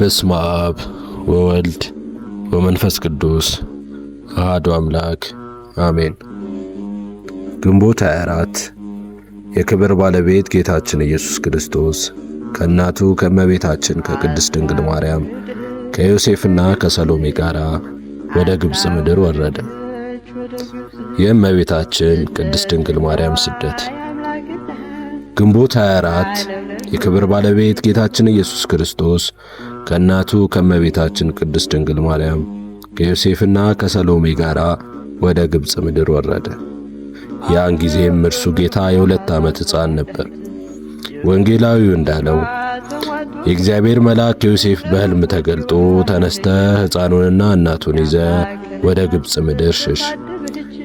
በስመ አብ ወወልድ ወመንፈስ ቅዱስ አሐዱ አምላክ አሜን። ግንቦት 24 የክብር ባለቤት ጌታችን ኢየሱስ ክርስቶስ ከእናቱ ከእመቤታችን ከቅድስት ድንግል ማርያም ከዮሴፍና ከሰሎሜ ጋር ወደ ግብፅ ምድር ወረደ። የእመቤታችን ቅድስት ድንግል ማርያም ስደት። ግንቦት 24 የክብር ባለቤት ጌታችን ኢየሱስ ክርስቶስ ከእናቱ ከመቤታችን ቅድስት ድንግል ማርያም ከዮሴፍና ከሰሎሜ ጋር ወደ ግብፅ ምድር ወረደ። ያን ጊዜም እርሱ ጌታ የሁለት ዓመት ሕፃን ነበር። ወንጌላዊው እንዳለው የእግዚአብሔር መልአክ ዮሴፍ በሕልም ተገልጦ ተነስተ ሕፃኑንና እናቱን ይዘ ወደ ግብፅ ምድር ሽሽ፣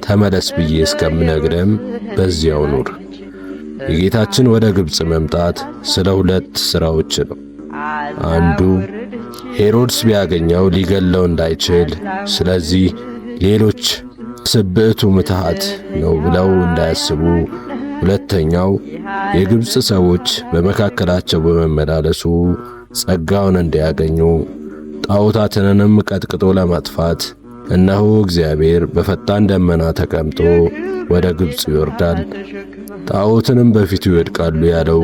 ተመለስ ብዬ እስከምነግረም በዚያው ኑር። የጌታችን ወደ ግብፅ መምጣት ስለ ሁለት ሥራዎች ነው። አንዱ ሄሮድስ ቢያገኘው ሊገለው እንዳይችል፣ ስለዚህ ሌሎች ስብዕቱ ምትሃት ነው ብለው እንዳያስቡ፣ ሁለተኛው የግብፅ ሰዎች በመካከላቸው በመመላለሱ ጸጋውን እንዲያገኙ ጣዖታትንንም ቀጥቅጦ ለማጥፋት እነሆ እግዚአብሔር በፈጣን ደመና ተቀምጦ ወደ ግብፅ ይወርዳል፣ ጣዖትንም በፊቱ ይወድቃሉ ያለው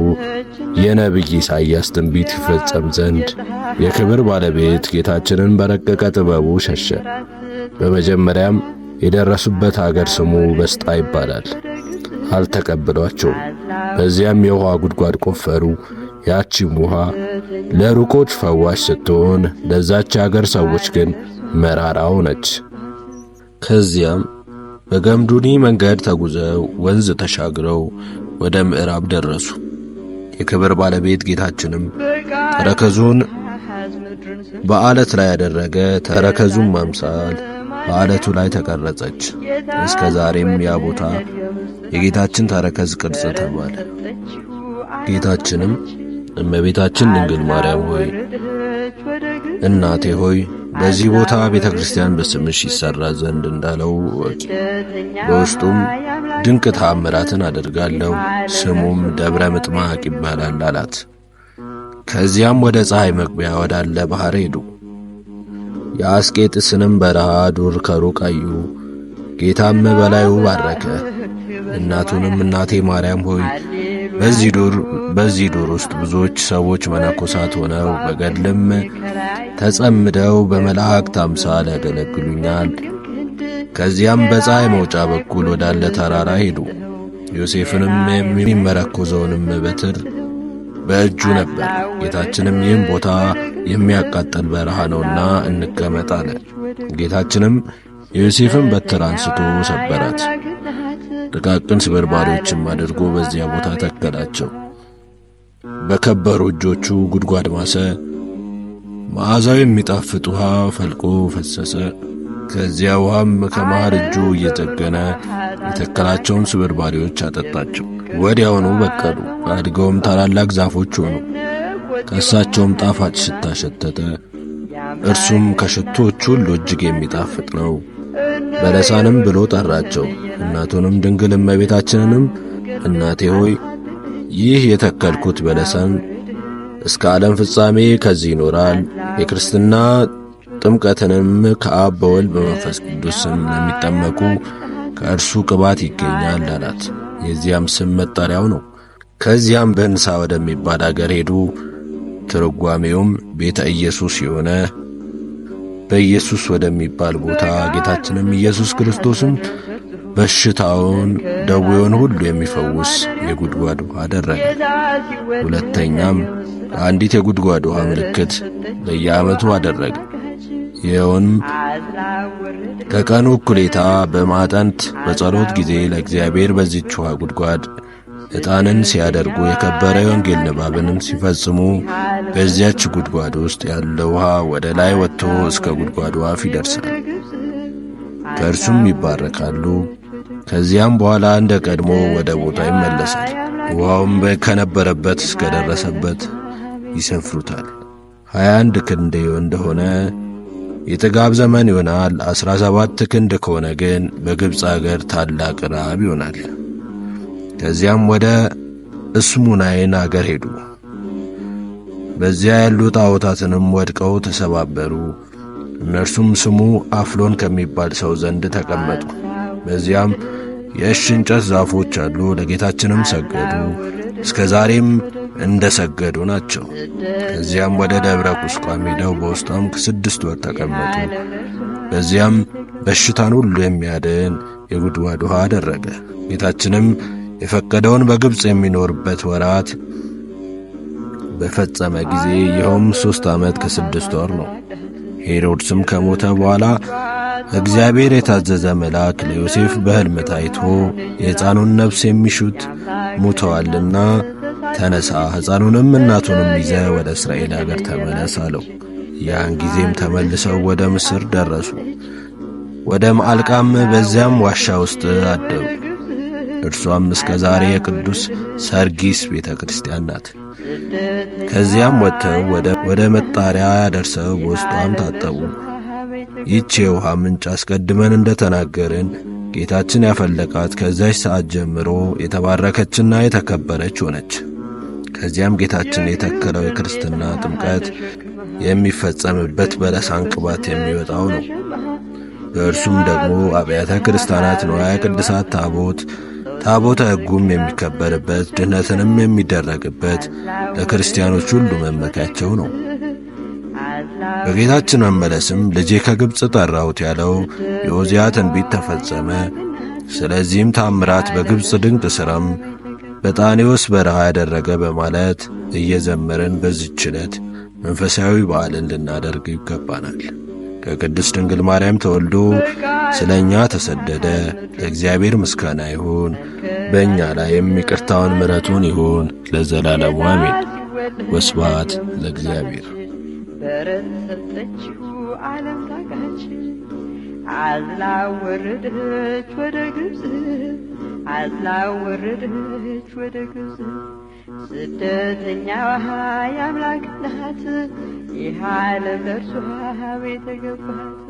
የነቢይ ኢሳይያስ ትንቢት ይፈጸም ዘንድ የክብር ባለቤት ጌታችንን በረቀቀ ጥበቡ ሸሸ። በመጀመሪያም የደረሱበት አገር ስሙ በስጣ ይባላል። አልተቀበሏቸውም። በዚያም የውሃ ጉድጓድ ቆፈሩ። ያቺም ውሃ ለሩቆች ፈዋሽ ስትሆን ለዛች አገር ሰዎች ግን መራራው ነች። ከዚያም በገምዱኒ መንገድ ተጉዘው ወንዝ ተሻግረው ወደ ምዕራብ ደረሱ። የክብር ባለቤት ጌታችንም ተረከዙን በዓለት ላይ ያደረገ ተረከዙን ማምሳል በዓለቱ ላይ ተቀረጸች። እስከ ዛሬም ያ ቦታ የጌታችን ተረከዝ ቅርጽ ተባለ። ጌታችንም እመቤታችን ድንግል ማርያም ሆይ እናቴ ሆይ በዚህ ቦታ ቤተ ክርስቲያን በስምሽ ይሰራ ዘንድ እንዳለው ወቂ። በውስጡም ድንቅ ተአምራትን አደርጋለሁ፣ ስሙም ደብረ ምጥማቅ ይባላል አላት። ከዚያም ወደ ፀሐይ መግቢያ ወዳለ ባሕር ሄዱ። የአስቄጥስንም በረሃ ዱር ከሩቅ አዩ። ጌታም በላዩ ባረከ። እናቱንም እናቴ ማርያም ሆይ በዚህ ዱር ውስጥ ብዙዎች ሰዎች መነኮሳት ሆነው በገድልም ተጸምደው በመላእክት አምሳል ያገለግሉኛል። ከዚያም በፀሐይ መውጫ በኩል ወዳለ ተራራ ሄዱ። ዮሴፍንም የሚመረኮዘውንም በትር በእጁ ነበር። ጌታችንም ይህም ቦታ የሚያቃጠል በረሃ ነውና እንቀመጥ አለ። ጌታችንም የዮሴፍን በትር አንስቶ ሰበራት። ጥቃቅን ስብርባሪዎችም አድርጎ በዚያ ቦታ ተከላቸው። በከበሩ እጆቹ ጉድጓድ ማሰ። መዓዛው የሚጣፍጥ ውሃ ፈልቆ ፈሰሰ። ከዚያ ውሃም ከመሃል እጁ እየጠገነ የተከላቸውን ስብርባሪዎች አጠጣቸው። ወዲያውኑ በቀሉ፣ አድገውም ታላላቅ ዛፎች ሆኑ። ከእሳቸውም ጣፋጭ ሽታ ሸተተ። እርሱም ከሽቶዎቹ ሁሉ እጅግ የሚጣፍጥ ነው። በለሳንም ብሎ ጠራቸው። እናቱንም ድንግል እመቤታችንንም እናቴ ሆይ ይህ የተከልኩት በለሳን እስከ ዓለም ፍጻሜ ከዚህ ይኖራል። የክርስትና ጥምቀትንም ከአብ በወልድ በመንፈስ ቅዱስም ለሚጠመቁ ከእርሱ ቅባት ይገኛል አላት። የዚያም ስም መጠሪያው ነው። ከዚያም በንሳ ወደሚባል አገር ሄዱ። ትርጓሜውም ቤተ ኢየሱስ የሆነ በኢየሱስ ወደሚባል ቦታ ጌታችንም ኢየሱስ ክርስቶስም በሽታውን ደዌውን ሁሉ የሚፈውስ የጉድጓድ ውሃ አደረገ። ሁለተኛም አንዲት የጉድጓድ ውሃ ምልክት በየዓመቱ አደረገ። ይኸውንም ከቀኑ እኩሌታ በማጠንት በጸሎት ጊዜ ለእግዚአብሔር በዚች ውሃ ጉድጓድ ዕጣንን ሲያደርጉ የከበረ የወንጌል ንባብንም ሲፈጽሙ በዚያች ጉድጓድ ውስጥ ያለ ውሃ ወደ ላይ ወጥቶ እስከ ጉድጓዱ አፍ ይደርሳል። ከእርሱም ይባረካሉ። ከዚያም በኋላ እንደ ቀድሞ ወደ ቦታ ይመለሳል። ውሃውም ከነበረበት ደረሰበት ይሰፍሩታል። ሀያ አንድ ክንድ እንደሆነ የጥጋብ ዘመን ይሆናል። ዐሥራ ሰባት ክንድ ከሆነ ግን በግብፅ አገር ታላቅ ረሃብ ይሆናል። ከዚያም ወደ እስሙናይን አገር ሄዱ። በዚያ ያሉ ጣዖታትንም ወድቀው ተሰባበሩ። እነርሱም ስሙ አፍሎን ከሚባል ሰው ዘንድ ተቀመጡ። በዚያም የእሽ እንጨት ዛፎች አሉ። ለጌታችንም ሰገዱ፣ እስከ ዛሬም እንደ ሰገዱ ናቸው። ከዚያም ወደ ደብረ ቁስቋም ሄደው በውስጧም ከስድስት ወር ተቀመጡ። በዚያም በሽታን ሁሉ የሚያድን የጉድጓድ ውሃ አደረገ። ጌታችንም የፈቀደውን በግብፅ የሚኖርበት ወራት በፈጸመ ጊዜ ይኸውም ሦስት ዓመት ከስድስት ወር ነው። ሄሮድስም ከሞተ በኋላ እግዚአብሔር የታዘዘ መልአክ ለዮሴፍ በሕልም ታይቶ የሕፃኑን ነፍስ የሚሹት ሙተዋልና ተነሳ፣ ሕፃኑንም እናቱንም ይዘ ወደ እስራኤል አገር ተመለስ አለው። ያን ጊዜም ተመልሰው ወደ ምስር ደረሱ። ወደ መዓልቃም በዚያም ዋሻ ውስጥ አደሩ። እርሷም እስከ ዛሬ የቅዱስ ሰርጊስ ቤተ ክርስቲያን ናት። ከዚያም ወጥተው ወደ መጣሪያ ያደርሰው በውስጧም ታጠቡ። ይህች የውሃ ምንጭ አስቀድመን እንደ ተናገርን ጌታችን ያፈለቃት ከዚያች ሰዓት ጀምሮ የተባረከችና የተከበረች ሆነች። ከዚያም ጌታችን የተከለው የክርስትና ጥምቀት የሚፈጸምበት በለሳን ቅባት የሚወጣው ነው። በእርሱም ደግሞ አብያተ ክርስቲያናት ንዋየ ቅድሳት ታቦት ታቦተ ሕጉም የሚከበርበት ድህነትንም የሚደረግበት ለክርስቲያኖች ሁሉ መመኪያቸው ነው። በጌታችን መመለስም ልጄ ከግብፅ ጠራሁት ያለው የኦዚያ ትንቢት ተፈጸመ። ስለዚህም ታምራት በግብፅ ድንቅ ሥራም በጣኔዎስ በረሃ ያደረገ በማለት እየዘመርን በዝችለት መንፈሳዊ በዓልን ልናደርግ ይገባናል። ከቅድስት ድንግል ማርያም ተወልዶ ስለ እኛ ተሰደደ። ለእግዚአብሔር ምስጋና ይሁን፣ በእኛ ላይም ይቅርታውን ምረቱን ይሁን ለዘላለሙ አሜን። ወስባት ለእግዚአብሔር። በረት አዝላ ወረደች ወደ ግብፅ አዝላ ወረደች ወደ ግብፅ ስደተኛዋ የአምላክ ናት። ይህ ዓለም ለእርሷ ቤት የገባች